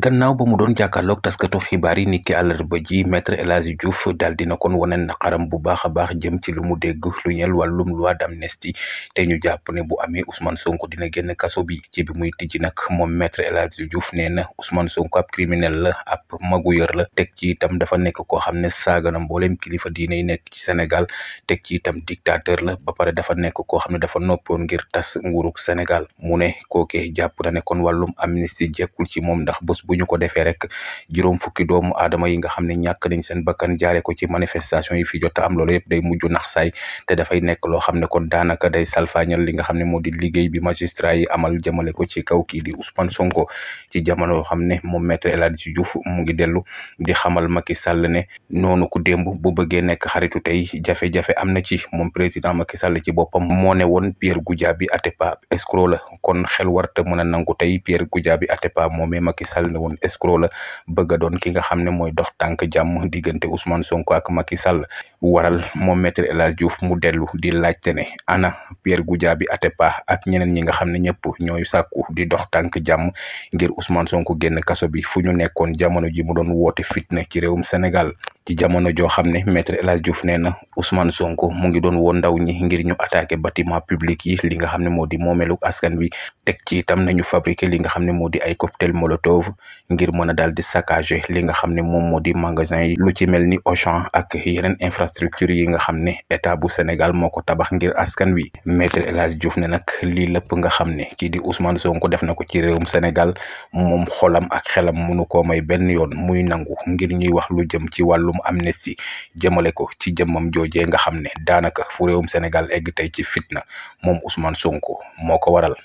gannaaw ba mu doon jàkkaarloog taskatu xibaar yi niki àllarba ji maître El Hadji Diouf daal dina kon bu baax a baax jëm ci lu mu dégg lu ñeel wàllum loi amnesty te ñu jàpp ne bu amee Ousmane Sonko dina génn kaso bi ci bi muy tijji nag moom maître El Hadji Diouf nee na Ousmane Sonko ab criminel la ab magu yër la teg ci itam dafa nekk koo xam ne saaga na mboolem kilifa diine yi nekk ci Sénégal teg ci itam dictateur la ba pare dafa nekk koo xam ne dafa noppoon ngir tas nguuruk Sénégal mu ne kooke jàpp na ne kon wàllum amnesty jekkul ci moom ndax bés buñu ko defee rek juroom fukki doomu adama yi nga xamné ñak nañ seen bakkan jaaré ko ci manifestation yi fi jotta am loolu yépp day muju nax té da fay nekk lo xamné kon daanaka day salfaañal li nga xamné ne di liggéey bi magistrat yi amal jëmele ko ci kaw ki di Ousmane Sonko ci jamono xamné xam ne maître El Hadji Diouf mu ngi déllu di xamal Macky Sall né nonu ku demb bu bëggé nekk xaritu tay jafe-jafe amna ci mom président Macky Sall ci bopam mo ne won Pierre bi Atepa escroc la kon xel warta mëna a nangu tey Pierre bi Atepa momé Macky Sall ne woon escroc la bëgg a doon ki nga xam ne mooy dox tànk jàmm diggante Ousmane Sonko ak Macky Sall waral moom maître El mu dellu di laajte ne ana Pierre Goudiaby Atepa ak ñeneen ñi nga xam ne ñëpp ñooy sàkku di dox tànk jàmm ngir Ousmane Sonko génn kaso bi fu ñu nekkoon jamono ji mu doon woote fitna ci réewum Sénégal ci jamono jo hamne ne maître El Diouf nee na Ousmane Sonko mu ngi doon won ndaw ñi ngir ñu attaqué bâtiment public yi li nga xam modi moo askan wi teg ci itam nañu fabriqué li nga di ay cocktail molotov ngir mën a daal di saccagé li nga xam ne moom di magasin yi lu ci mel ni Auchan ak yeneen infrastructure yi nga xam ne état bu Sénégal moo tabax ngir askan wi maître El Diouf ne nag lii lépp nga xam di Ousmane Sonko def ko ci réewum Sénégal moom xolam ak xelam mënu koo may benn yoon muy nangu ngir ñuy wax lu jëm ci wàllum amnistie jëmale ko ci jëmmam joojee nga xam ne daanaka fu réewum Sénégal egg tey ci fitna moom usman Sonko moo ko waral